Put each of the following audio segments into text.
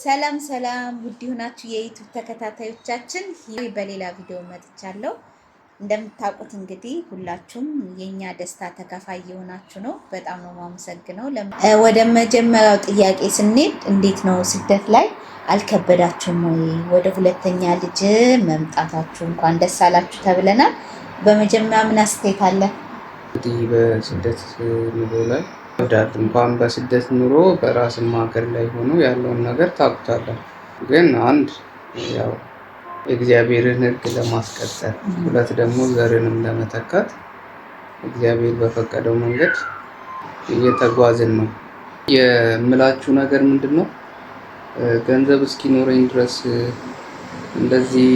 ሰላም ሰላም፣ ውድ የሆናችሁ የዩቱብ ተከታታዮቻችን በሌላ ቪዲዮ መጥቻለሁ። እንደምታውቁት እንግዲህ ሁላችሁም የእኛ ደስታ ተካፋይ የሆናችሁ ነው። በጣም ነው የማመሰግነው። ወደ መጀመሪያው ጥያቄ ስንሄድ እንዴት ነው ስደት ላይ አልከበዳችሁም ወይ? ወደ ሁለተኛ ልጅ መምጣታችሁ እንኳን ደስ አላችሁ ተብለናል። በመጀመሪያ ምን አስተያየት አለ? እንግዲህ በስደት ኑሮ ላይ ይከብዳል። እንኳን በስደት ኑሮ በራስም ሀገር ላይ ሆኖ ያለውን ነገር ታውቁታለህ። ግን አንድ ያው የእግዚአብሔርን ሕግ ለማስቀጠል፣ ሁለት ደግሞ ዘርንም ለመተካት እግዚአብሔር በፈቀደው መንገድ እየተጓዝን ነው። የምላችሁ ነገር ምንድን ነው? ገንዘብ እስኪኖረኝ ድረስ እንደዚህ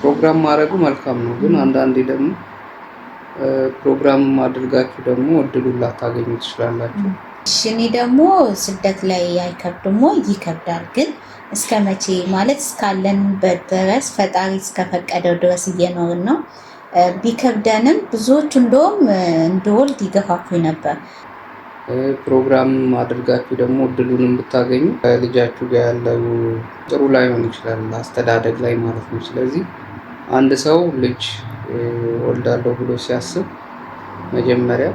ፕሮግራም ማድረጉ መልካም ነው። ግን አንዳንዴ ደግሞ ፕሮግራም አድርጋችሁ ደግሞ እድሉን ላታገኙ ትችላላችሁ። እሺ እኔ ደግሞ ስደት ላይ አይከብድም ወይ? ይከብዳል። ግን እስከ መቼ ማለት እስካለንበት ድረስ ፈጣሪ እስከፈቀደው ድረስ እየኖርን ነው። ቢከብደንም ብዙዎቹ እንደውም እንድወልድ ይገፋፉኝ ነበር። ፕሮግራም አድርጋችሁ ደግሞ እድሉን ብታገኙ ከልጃችሁ ጋር ያለው ጥሩ ላይሆን ይችላል፣ አስተዳደግ ላይ ማለት ነው። ስለዚህ አንድ ሰው ልጅ ወልዳለሁ ብሎ ሲያስብ መጀመሪያ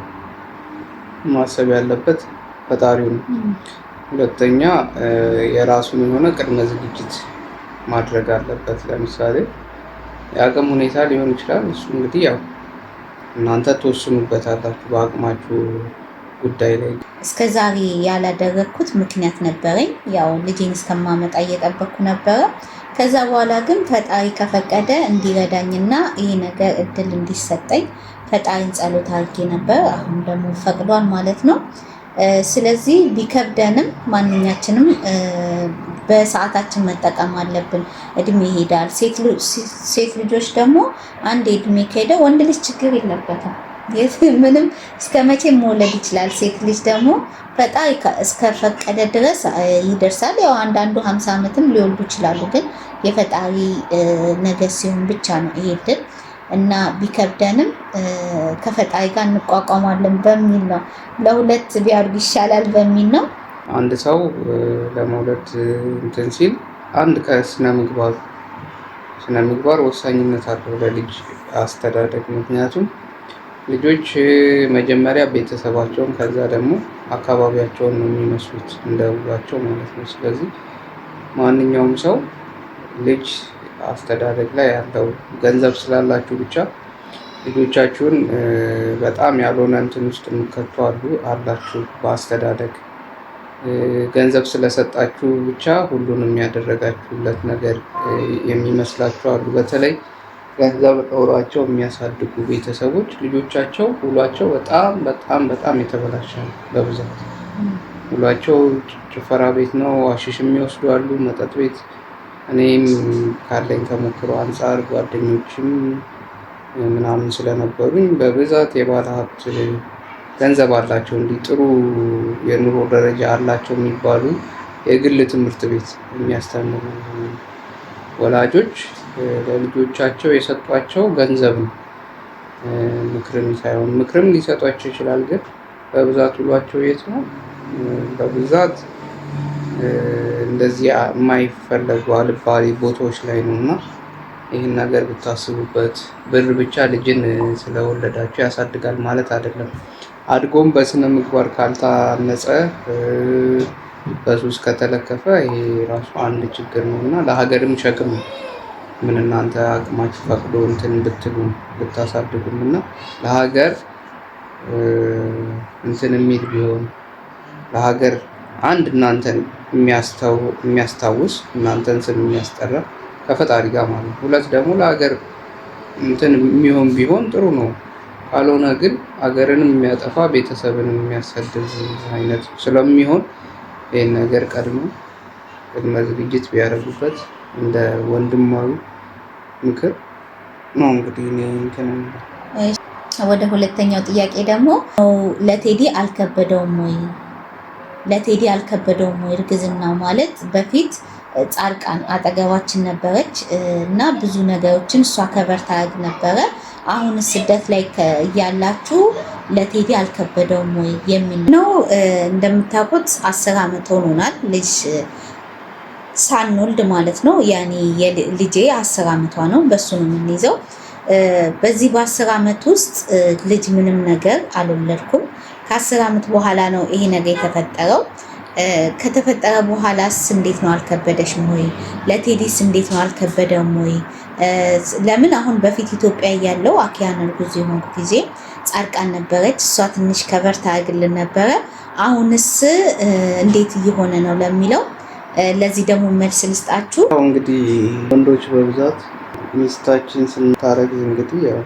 ማሰብ ያለበት ፈጣሪው ነው። ሁለተኛ የራሱን የሆነ ቅድመ ዝግጅት ማድረግ አለበት። ለምሳሌ የአቅም ሁኔታ ሊሆን ይችላል። እሱ እንግዲህ ያው እናንተ ትወስኑበታላችሁ በአቅማችሁ ጉዳይ ላይ። እስከ ዛሬ ያላደረግኩት ምክንያት ነበረኝ። ያው ልጄን እስከማመጣ እየጠበቅኩ ነበረ። ከዛ በኋላ ግን ፈጣሪ ከፈቀደ እንዲረዳኝና ይህ ነገር እድል እንዲሰጠኝ ፈጣሪን ጸሎት አድርጌ ነበር። አሁን ደግሞ ፈቅዷል ማለት ነው። ስለዚህ ቢከብደንም ማንኛችንም በሰዓታችን መጠቀም አለብን። እድሜ ይሄዳል። ሴት ልጆች ደግሞ አንድ እድሜ ከሄደ ወንድ ልጅ ችግር የለበትም። ምንም እስከ መቼ መውለድ ይችላል። ሴት ልጅ ደግሞ ፈጣሪ እስከፈቀደ ድረስ ይደርሳል። ያው አንዳንዱ ሀምሳ ዓመትም ሊወልዱ ይችላሉ። ግን የፈጣሪ ነገር ሲሆን ብቻ ነው ይሄ ድል እና ቢከብደንም ከፈጣሪ ጋር እንቋቋማለን በሚል ነው። ለሁለት ቢያርጉ ይሻላል በሚል ነው። አንድ ሰው ለመውለድ እንትን ሲል አንድ ከስነ ምግባር ስነ ምግባር ወሳኝነት አለው ለልጅ አስተዳደግ ምክንያቱም ልጆች መጀመሪያ ቤተሰባቸውን ከዛ ደግሞ አካባቢያቸውን ነው የሚመስሉት እንደ ማለት ነው። ስለዚህ ማንኛውም ሰው ልጅ አስተዳደግ ላይ ያለው ገንዘብ ስላላችሁ ብቻ ልጆቻችሁን በጣም ያልሆነ እንትን ውስጥ የምከቱ አሉ አላችሁ። በአስተዳደግ ገንዘብ ስለሰጣችሁ ብቻ ሁሉንም ያደረጋችሁለት ነገር የሚመስላችሁ አሉ በተለይ ገንዘብ ኖሯቸው የሚያሳድጉ ቤተሰቦች ልጆቻቸው ውሏቸው በጣም በጣም በጣም የተበላሸ ነው። በብዛት ውሏቸው ጭፈራ ቤት ነው፣ አሽሽ የሚወስዱ አሉ፣ መጠጥ ቤት። እኔም ካለኝ ተሞክሮ አንጻር ጓደኞችም ምናምን ስለነበሩኝ በብዛት የባለ ሀብት ገንዘብ አላቸው እንዲህ ጥሩ የኑሮ ደረጃ አላቸው የሚባሉ የግል ትምህርት ቤት የሚያስተምሩ ወላጆች ለልጆቻቸው የሰጧቸው ገንዘብ ነው። ምክርን ሳይሆን ምክርም ሊሰጧቸው ይችላል፣ ግን በብዛት ውሏቸው የት ነው? በብዛት እንደዚህ የማይፈለጉ አልባሌ ቦታዎች ላይ ነው እና ይህን ነገር ብታስቡበት። ብር ብቻ ልጅን ስለወለዳቸው ያሳድጋል ማለት አይደለም። አድጎም በስነ ምግባር ካልታነጸ፣ በሱስ ከተለከፈ ይሄ ራሱ አንድ ችግር ነው እና ለሀገርም ሸክም ነው። ምን እናንተ አቅማችሁ ፈቅዶ እንትን ብትሉን ብታሳድጉም እና ለሀገር እንትን የሚል ቢሆን ለሀገር አንድ እናንተን የሚያስታውስ እናንተን ስም የሚያስጠራ ከፈጣሪ ጋር ማለት ነው። ሁለት ደግሞ ለሀገር እንትን የሚሆን ቢሆን ጥሩ ነው። ካልሆነ ግን ሀገርንም የሚያጠፋ ቤተሰብን የሚያሳድብ አይነት ስለሚሆን ይህን ነገር ቀድሞ ቅድመ ዝግጅት ቢያደርጉበት እንደ ወንድማዊ ምክር ነው እንግዲህ ወደ ሁለተኛው ጥያቄ ደግሞ ለቴዲ አልከበደውም ወይ? ለቴዲ አልከበደውም ወይ? እርግዝና ማለት በፊት ጻድቃን አጠገባችን ነበረች እና ብዙ ነገሮችን እሷ ከበር ታደርግ ነበረ። አሁን ስደት ላይ እያላችሁ ለቴዲ አልከበደውም ወይ የሚል ነው። እንደምታውቁት አስር ዓመት ሆኖናል ልጅ ሳንወልድ ማለት ነው። ያኔ ልጄ አስር ዓመቷ ነው። በሱ ነው የምንይዘው። በዚህ በአስር ዓመት ውስጥ ልጅ ምንም ነገር አልወለድኩም። ከአስር ዓመት በኋላ ነው ይሄ ነገር የተፈጠረው። ከተፈጠረ በኋላስ እንዴት ነው አልከበደሽም ወይ? ለቴዲስ እንዴት ነው አልከበደም ወይ? ለምን አሁን በፊት ኢትዮጵያ እያለው አኪያን እርጉዝ የሆንኩ ጊዜ ጻድቃን ነበረች። እሷ ትንሽ ከበር ታግል ነበረ። አሁንስ እንዴት እየሆነ ነው ለሚለው ለዚህ ደግሞ መልስ ልስጣችሁ። እንግዲህ ወንዶች በብዛት ሚስታችን ስንታረግ እንግዲህ ያው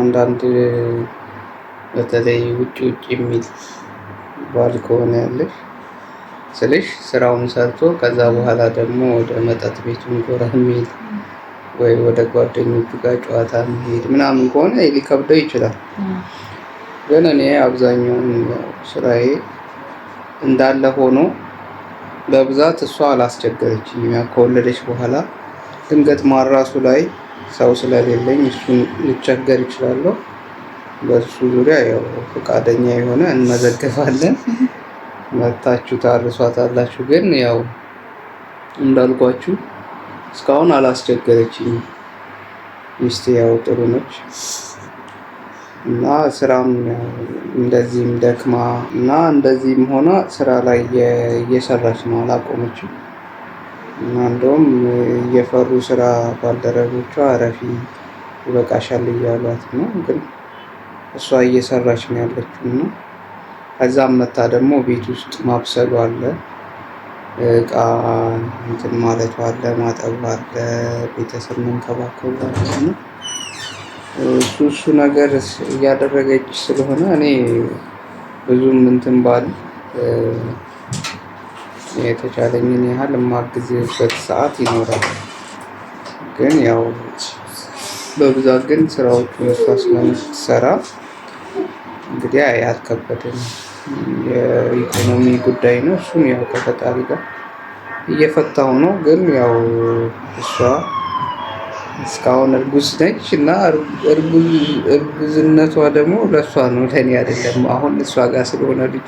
አንዳንድ በተለይ ውጭ ውጭ የሚል ባል ከሆነ ያለሽ ስልሽ ስራውን ሰርቶ ከዛ በኋላ ደግሞ ወደ መጠጥ ቤቱን ጎራ የሚል ወይ ወደ ጓደኞቹ ጋር ጨዋታ የሚሄድ ምናምን ከሆነ ሊከብደው ይችላል። ግን እኔ አብዛኛውን ስራዬ እንዳለ ሆኖ በብዛት እሷ አላስቸገረችኝም። ያው ከወለደች በኋላ ድንገት ማራሱ ላይ ሰው ስለሌለኝ እሱን ልቸገር ይችላለሁ። በሱ ዙሪያ ያው ፈቃደኛ የሆነ እንመዘገባለን። መታችሁ ታርሷታላችሁ። ግን ያው እንዳልኳችሁ እስካሁን አላስቸገረችኝም። ሚስቴ ያው ጥሩ ነች። እና ስራም እንደዚህም ደክማ እና እንደዚህም ሆና ስራ ላይ እየሰራች ነው፣ አላቆመችም። እና እንደውም እየፈሩ ስራ ባልደረቦቿ አረፊ ይበቃሻል እያሏት ነው። ግን እሷ እየሰራች ነው ያለችው እና ከዛም መታ ደግሞ ቤት ውስጥ ማብሰሉ አለ፣ እቃ እንትን ማለቱ አለ፣ ማጠቡ አለ፣ ቤተሰብ መንከባከቡ አለ እሱ እሱ ነገር እያደረገች ስለሆነ እኔ ብዙም እንትን ባል የተቻለኝን ያህል የማግዝበት ሰዓት ይኖራል። ግን ያው በብዛት ግን ስራዎቹ እሷ ስለምትሰራ እንግዲህ አያከበድም። የኢኮኖሚ ጉዳይ ነው። እሱም ያው ከፈጣሪ ጋር እየፈታው ነው። ግን ያው እሷ እስካሁን እርጉዝ ነች እና እርጉዝነቷ ደግሞ ለእሷ ነው ለእኔ አይደለም። አሁን እሷ ጋር ስለሆነ ልጁ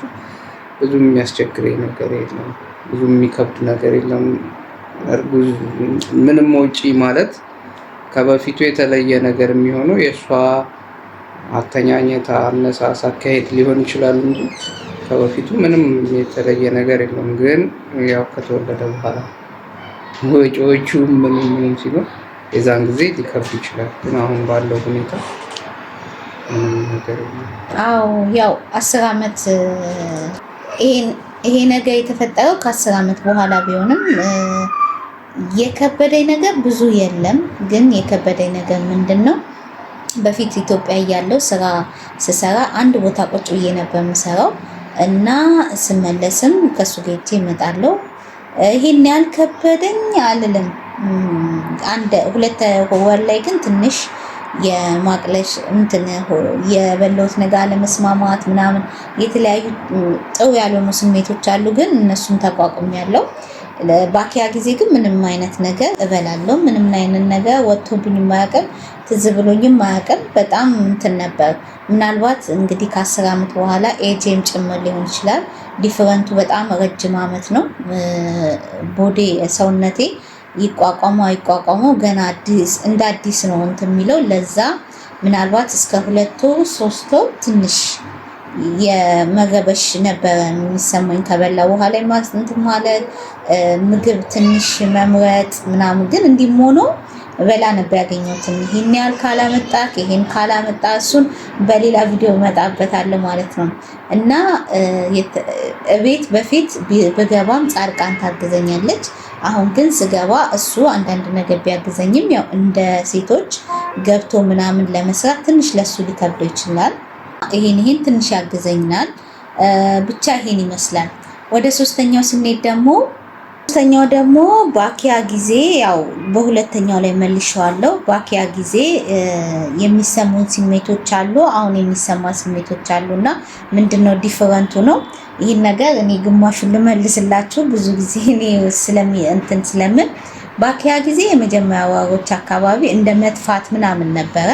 ብዙ የሚያስቸግረኝ ነገር የለም፣ ብዙ የሚከብድ ነገር የለም። እርጉዝ ምንም ውጪ ማለት ከበፊቱ የተለየ ነገር የሚሆነው የእሷ አተኛኘት፣ አነሳስ፣ አካሄድ ሊሆን ይችላል እንጂ ከበፊቱ ምንም የተለየ ነገር የለም። ግን ያው ከተወለደ በኋላ ወጪዎቹ ምንም ምንም ሲሆን የዛን ጊዜ ሊከብድ ይችላል። ግን አሁን ባለው ሁኔታ ምንም ነገር አዎ፣ ያው አስር አመት ይሄ ነገር የተፈጠረው ከአስር አመት በኋላ ቢሆንም የከበደኝ ነገር ብዙ የለም። ግን የከበደኝ ነገር ምንድን ነው? በፊት ኢትዮጵያ እያለሁ ስራ ስሰራ አንድ ቦታ ቁጭ ብዬ ነበር የምሰራው እና ስመለስም ከሱ ጌቼ እመጣለሁ። ይሄን ያልከበደኝ አልልም። አንድ ሁለት ወር ላይ ግን ትንሽ የማቅለሽ እንትን የበለውት ነገር አለመስማማት ምናምን የተለያዩ ጥሩ ያልሆኑ ስሜቶች አሉ። ግን እነሱን ተቋቁም ያለው ባኪያ ጊዜ ግን ምንም አይነት ነገር እበላለሁ። ምንም አይነት ነገር ወጥቶብኝ ማያውቅም፣ ትዝ ብሎኝ ማያውቅም። በጣም እንትን ነበር። ምናልባት እንግዲህ ከአስር ዓመት በኋላ ኤጄም ጭምር ሊሆን ይችላል። ዲፍረንቱ በጣም ረጅም ዓመት ነው ቦዴ ሰውነቴ ይቋቋሙ አይቋቋሙ ገና አዲስ እንደ አዲስ ነው እንትን የሚለው ለዛ ምናልባት እስከ ሁለቱ ሶስቱ ትንሽ የመገበሽ ነበረ የሚሰማኝ ከበላ በኋላ ማለት ምግብ ትንሽ መምረጥ ምናምን ግን እንዲም ሆኖ በላ ነበር ያገኘሁትን። ይሄን ያህል ካላመጣ ይሄን ካላመጣ እሱን በሌላ ቪዲዮ እመጣበታለሁ ማለት ነው። እና እቤት በፊት ብገባም ጻድቃን ታግዘኛለች። አሁን ግን ስገባ እሱ አንዳንድ ነገር ቢያግዘኝም ያው እንደ ሴቶች ገብቶ ምናምን ለመስራት ትንሽ ለሱ ሊከብደው ይችላል። ይሄን ይሄን ትንሽ ያግዘኛል። ብቻ ይሄን ይመስላል። ወደ ሶስተኛው ስንሄድ ደግሞ ሶስተኛው ደግሞ ባኪያ ጊዜ ያው በሁለተኛው ላይ መልሼዋለሁ። ባኪያ ጊዜ የሚሰሙን ስሜቶች አሉ፣ አሁን የሚሰማ ስሜቶች አሉ እና ምንድነው ዲፈረንቱ ነው። ይህን ነገር እኔ ግማሹን ልመልስላችሁ ብዙ ጊዜ እኔ ስለሚ እንትን ስለምን ባኪያ ጊዜ የመጀመሪያ ወሮች አካባቢ እንደ መጥፋት ምናምን ነበረ።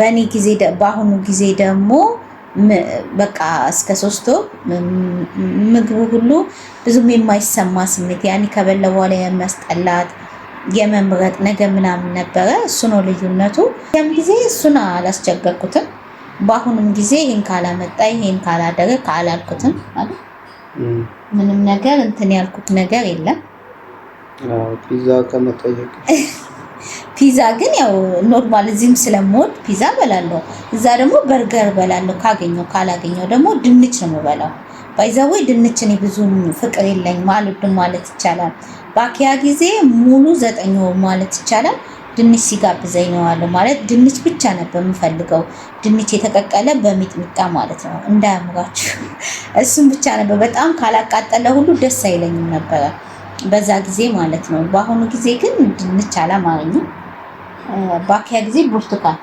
በእኔ ጊዜ በአሁኑ ጊዜ ደግሞ በቃ እስከ ሶስት ወር ምግቡ ሁሉ ብዙም የማይሰማ ስሜት ያኔ ከበላ በኋላ የሚያስጠላት የመምረጥ ነገር ምናምን ነበረ። እሱ ነው ልዩነቱ። ያም ጊዜ እሱን አላስቸገርኩትም። በአሁኑም ጊዜ ይህን ካላመጣ ይህን ካላደረ ካላልኩትም ምንም ነገር እንትን ያልኩት ነገር የለም ፒዛ ከመጠየቅ ፒዛ ግን ያው ኖርማል እዚህም ስለምወድ ፒዛ በላለሁ፣ እዛ ደግሞ በርገር በላለሁ። ካገኘው ካላገኘው ደግሞ ድንች ነው የምበላው። ባይዛዌ ድንች እኔ ብዙም ፍቅር የለኝም፣ አልወድም ማለት ይቻላል። ባኪያ ጊዜ ሙሉ ዘጠኝ ወር ማለት ይቻላል ድንች ሲጋብዘኝ ነው አለ ማለት ድንች ብቻ ነበር የምፈልገው። ድንች የተቀቀለ በሚጥሚጣ ማለት ነው እንዳያምራችሁ። እሱም ብቻ ነበር። በጣም ካላቃጠለ ሁሉ ደስ አይለኝም ነበረ በዛ ጊዜ ማለት ነው። በአሁኑ ጊዜ ግን ድንች አላማረኝም። ባኪያ ጊዜ ብርቱካን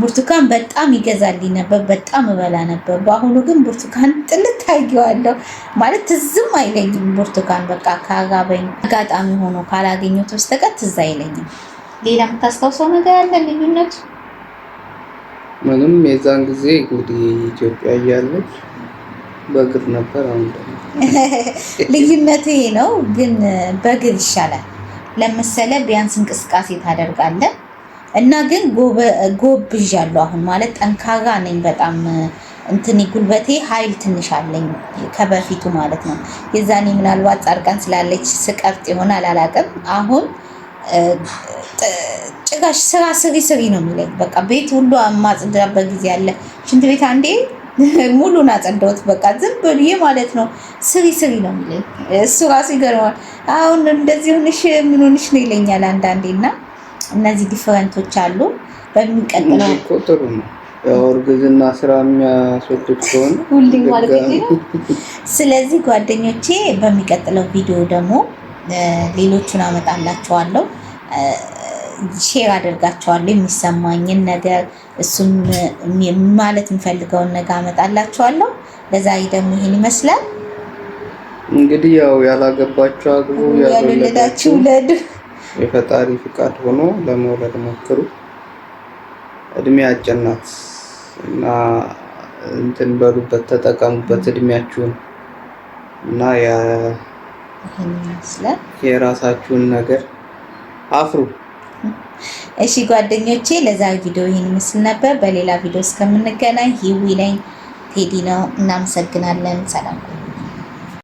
ብርቱካን በጣም ይገዛልኝ ነበር፣ በጣም እበላ ነበር። በአሁኑ ግን ብርቱካን ጥልት አድርጌዋለሁ ማለት ትዝም አይለኝም። ብርቱካን በቃ ካጋበኝ አጋጣሚ ሆኖ ካላገኘሁት በስተቀር ትዝ አይለኝም። ሌላ የምታስታውሰው ነገር ያለ ልዩነቱ? ምንም የዛን ጊዜ እንግዲህ ኢትዮጵያ እያለች በእግር ነበር። አሁን ልዩነት ይሄ ነው፣ ግን በእግር ይሻላል። ለመሰለ ቢያንስ እንቅስቃሴ ታደርጋለህ እና ግን ጎብዣለሁ። አሁን ማለት ጠንካራ ነኝ በጣም እንትን ጉልበቴ ኃይል ትንሽ አለኝ ከበፊቱ ማለት ነው። የዛኔ ምናልባት ጻድቃን ስላለች ስቀርጥ ይሆናል አላውቅም። አሁን ጭጋሽ ስራ ስሪ ስሪ ነው የሚለኝ። በቃ ቤት ሁሉ ማጽዳበት ጊዜ አለ። ሽንት ቤት አንዴ ሙሉን አጸዳሁት። በቃ ዝም ብዬ ማለት ነው። ስሪ ስሪ ነው የሚለኝ እሱ ራሱ ይገርማል። አሁን እንደዚህ ሆንሽ ምን ሆንሽ ነው ይለኛል አንዳንዴ። እና እነዚህ ዲፈረንቶች አሉ። በሚቀጥለው ጥሩ ነው እርግዝና ስራ የሚያስወድድ ከሆነ ሁሌ ማለት ነው። ስለዚህ ጓደኞቼ፣ በሚቀጥለው ቪዲዮ ደግሞ ሌሎቹን አመጣላችኋለሁ። ሼር አደርጋቸዋለሁ የሚሰማኝን ነገር እሱም ማለት የምፈልገውን ነገር አመጣላቸዋለሁ። ለዛሬ ደግሞ ይሄን ይመስላል። እንግዲህ ያው ያላገባችሁ አግቡ፣ ያልወለዳችሁ ውለዱ። የፈጣሪ ፍቃድ ሆኖ ለመውለድ ሞክሩ። እድሜ አጭናት እና እንትን በሉበት፣ ተጠቀሙበት እድሜያችሁን እና የራሳችሁን ነገር አፍሩ። እሺ ጓደኞቼ ለዛ ቪዲዮ ይህን ምስል ነበር። በሌላ ቪዲዮ እስከምንገናኝ ሂዊ ነኝ ቴዲ ነው። እናመሰግናለን። ሰላም